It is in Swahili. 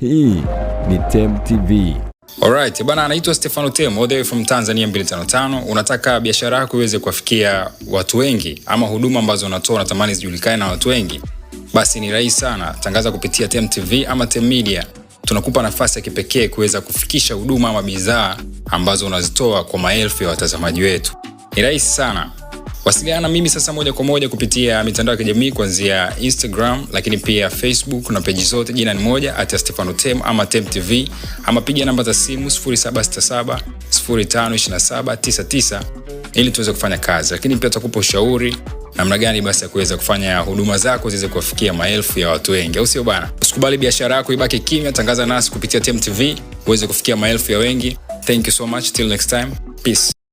Hii ni Temu TV. Alright, bana anaitwa Stefano Temu all the way from Tanzania 255. Unataka biashara yako iweze kuwafikia watu wengi ama huduma ambazo unatoa unatamani zijulikane na watu wengi basi ni rahisi sana, tangaza kupitia temtv ama Temu Media. Tunakupa nafasi ya kipekee kuweza kufikisha huduma ama bidhaa ambazo unazitoa kwa maelfu ya watazamaji wetu. Ni rahisi sana. Wasiliana na mimi sasa moja kwa moja kupitia mitandao ya kijamii kuanzia Instagram, lakini pia Facebook na peji zote, jina ni moja at Stefano Temu ama Temu TV, ama piga namba za simu 0767 ili tuweze kufanya kazi, lakini pia tutakupa ushauri namna gani basi ya kuweza kufanya huduma zako ziweze kuwafikia maelfu ya watu wengi, au sio bana? Usikubali biashara yako ibaki kimya, tangaza nasi kupitia tmtv uweze kufikia maelfu ya wengi. Thank you so much, till next time, peace.